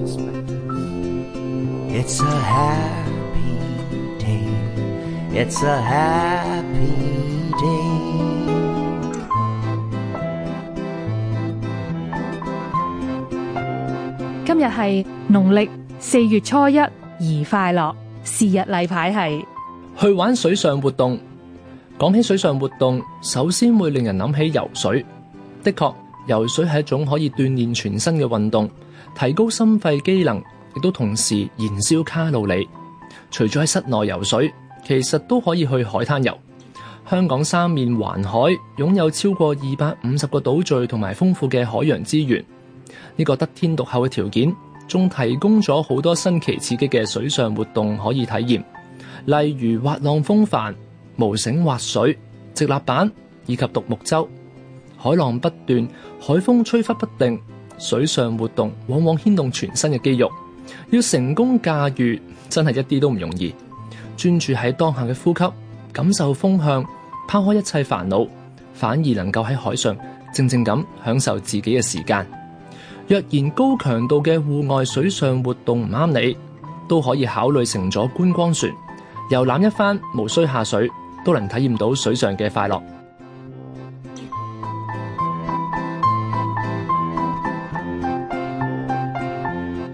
It's a happy day. It's a happy day. 今日係農曆四月初一，宜快樂。是日例牌係去玩水上活動。講起水上活動，首先會令人諗起游水。的確，游水係一種可以鍛煉全身嘅運動。提高心肺機能，亦都同時燃燒卡路里。除咗喺室內游水，其實都可以去海灘游。香港三面環海，擁有超過二百五十個島嶼同埋豐富嘅海洋資源。呢個得天獨厚嘅條件，仲提供咗好多新奇刺激嘅水上活動可以體驗，例如滑浪風帆、無繩滑水、直立板以及獨木舟。海浪不斷，海風吹拂不定。水上活動往往牽動全身嘅肌肉，要成功駕馭真係一啲都唔容易。專注喺當下嘅呼吸，感受風向，拋開一切煩惱，反而能夠喺海上靜靜咁享受自己嘅時間。若然高強度嘅戶外水上活動唔啱你，都可以考慮乘咗觀光船遊覽一番，無需下水，都能體驗到水上嘅快樂。